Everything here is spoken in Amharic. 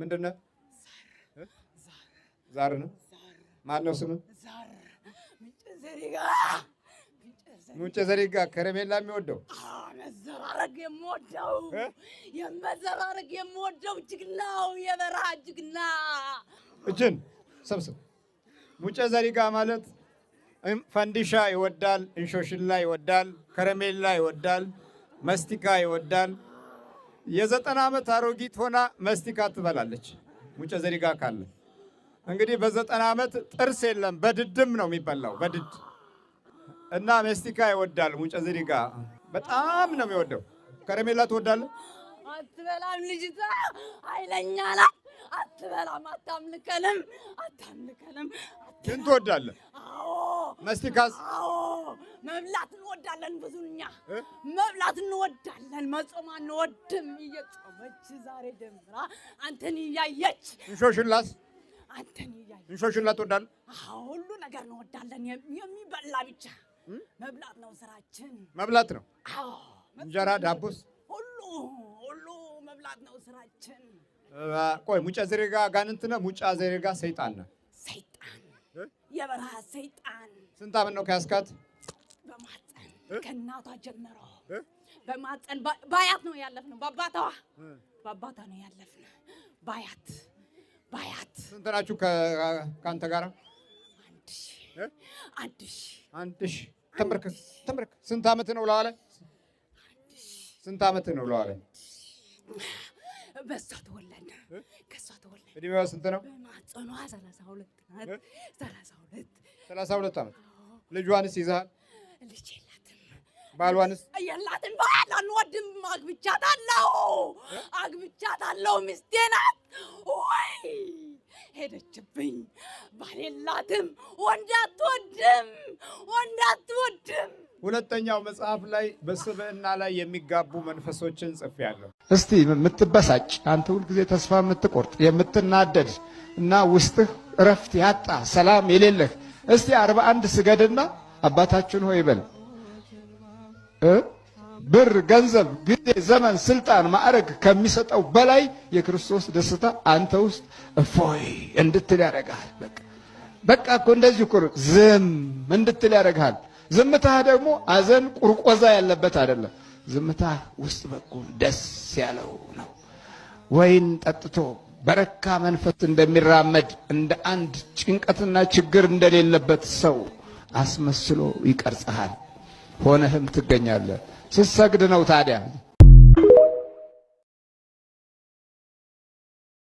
ምንድን ነው? ዛር ነው። ነው ስሙ? ሙጬ ዘሪጋ ከረሜላ የሚወደው መዘራረግ የምወደው የመዘራረግ የምወደው ጅግናው የበረሃ ጅግና እጅን ሰብስብ። ሙጨ ዘሪጋ ማለት ፈንዲሻ ይወዳል፣ እንሾሽላ ይወዳል፣ ከረሜላ ይወዳል፣ መስቲካ ይወዳል። የዘጠና ዓመት አሮጊት ሆና መስቲካ ትበላለች። ሙጨ ዘሪጋ ካለ እንግዲህ በዘጠና ዓመት ጥርስ የለም በድድም ነው የሚበላው በድድ እና መስቲካ ይወዳል። ሙጨ ዘሪጋ በጣም ነው የሚወደው። ከረሜላ ትወዳለ? አትበላም። ልጅቷ ኃይለኛ ናት። አትበላም። አታምልከንም፣ አታምልከንም። ግን ትወዳለህ መስቲካስ? መብላት እንወዳለን። ብዙኛ መብላት እንወዳለን። መጾም አንወድም። እየጾመች ዛሬ ጀምራ አንተን እያየች እንሾሽላስ አንተን እያየች እንሾሽላ ትወዳለህ? ሁሉ ነገር እንወዳለን። የሚበላ ብቻ መብላት ነው ስራችን። መብላት ነው እንጀራ፣ ዳቦስ ሁሉ ሁሉ መብላት ነው ስራችን። ቆይ ሙጫ ዘሬጋ ጋንንት ነው ሙጫ ዘሬጋ ሰይጣን ነው። ሰይጣን የበረሃ ሰይጣን። ስንት ዓመት ነው ከያዝካት? ከእናቷ ጀምሮ በማፀን ባያት ነው ያለፍነው። በአባታዋ በአባታ ነው ያለፍነው። ባያት ባያት ስንት ናችሁ ከአንተ ጋር? አንድ ሺህ አንድ ሺህ ትምርክ ስንት ዓመት ነው ለዋለ? ስንት አመት ነው ለዋለ? በእሷ ተወለደ ከእሷ ተወለደ። እድሜዋ ስንት ነው? በማፀኗ ሰላሳ ሁለት ናት። ሰላሳ ሁለት ሰላሳ ሁለት ዓመት ልጇንስ ይዛል? ልጅ ባሏንስ የላትም። አግብቻታለሁ አግብቻታለሁ። ሚስቴ ናት ወይ ሄደችብኝ። ባል የላትም። ወንድ አትወድም፣ ወንድ አትወድም። ሁለተኛው መጽሐፍ ላይ በስብዕና ላይ የሚጋቡ መንፈሶችን ጽፌያለሁ። እስቲ የምትበሳጭ አንተ ሁልጊዜ ተስፋ የምትቆርጥ የምትናደድ እና ውስጥህ እረፍት ያጣ ሰላም የሌለህ እስቲ አርባ አንድ ስገድና አባታችን ሆይ በል ብር፣ ገንዘብ፣ ጊዜ፣ ዘመን፣ ስልጣን፣ ማዕረግ ከሚሰጠው በላይ የክርስቶስ ደስታ አንተ ውስጥ እፎይ እንድትል ያደርግሃል። በቃ በቃ እኮ እንደዚህ እኮ ዝም እንድትል ያደርግሃል። ዝምታህ ደግሞ አዘን ቁርቆዛ ያለበት አይደለም። ዝምታህ ውስጥ በኩል ደስ ያለው ነው። ወይን ጠጥቶ በረካ መንፈስ እንደሚራመድ እንደ አንድ ጭንቀትና ችግር እንደሌለበት ሰው አስመስሎ ይቀርጽሃል። ሆነህም ትገኛለህ። ስትሰግድ ነው ታዲያ